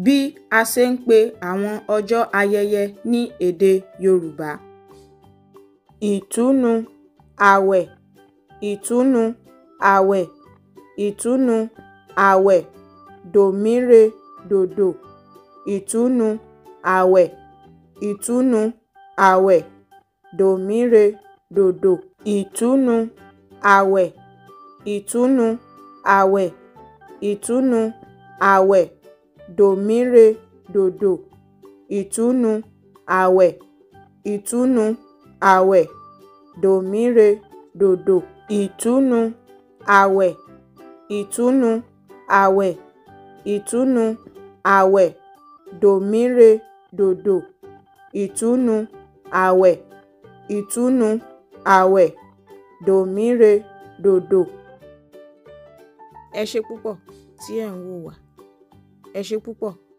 bí a ṣe ń pe àwọn ọjọ́ ayẹyẹ ní èdè Yorùbá. Ìtúnu àwẹ̀ Ìtúnu àwẹ̀ Ìtúnu àwẹ̀ dòmíre dòdò Ìtúnu àwẹ̀ Ìtúnu àwẹ̀ dòmíre dòdò Ìtúnu àwẹ̀ Ìtúnu àwẹ̀ Ìtúnu àwẹ̀ Domire dodo, ìtùnú ààwẹ̀ ìtùnú ààwẹ̀ Domire dodo, ìtùnú ààwẹ̀ ìtùnú ààwẹ̀ ìtùnú ààwẹ̀ Domire dodo, ìtùnú ààwẹ̀ ìtùnú ààwẹ̀ Domire dodo. ẹ ṣe púpọ̀ tí ẹ̀ ń wò wá. é Gil Pupó.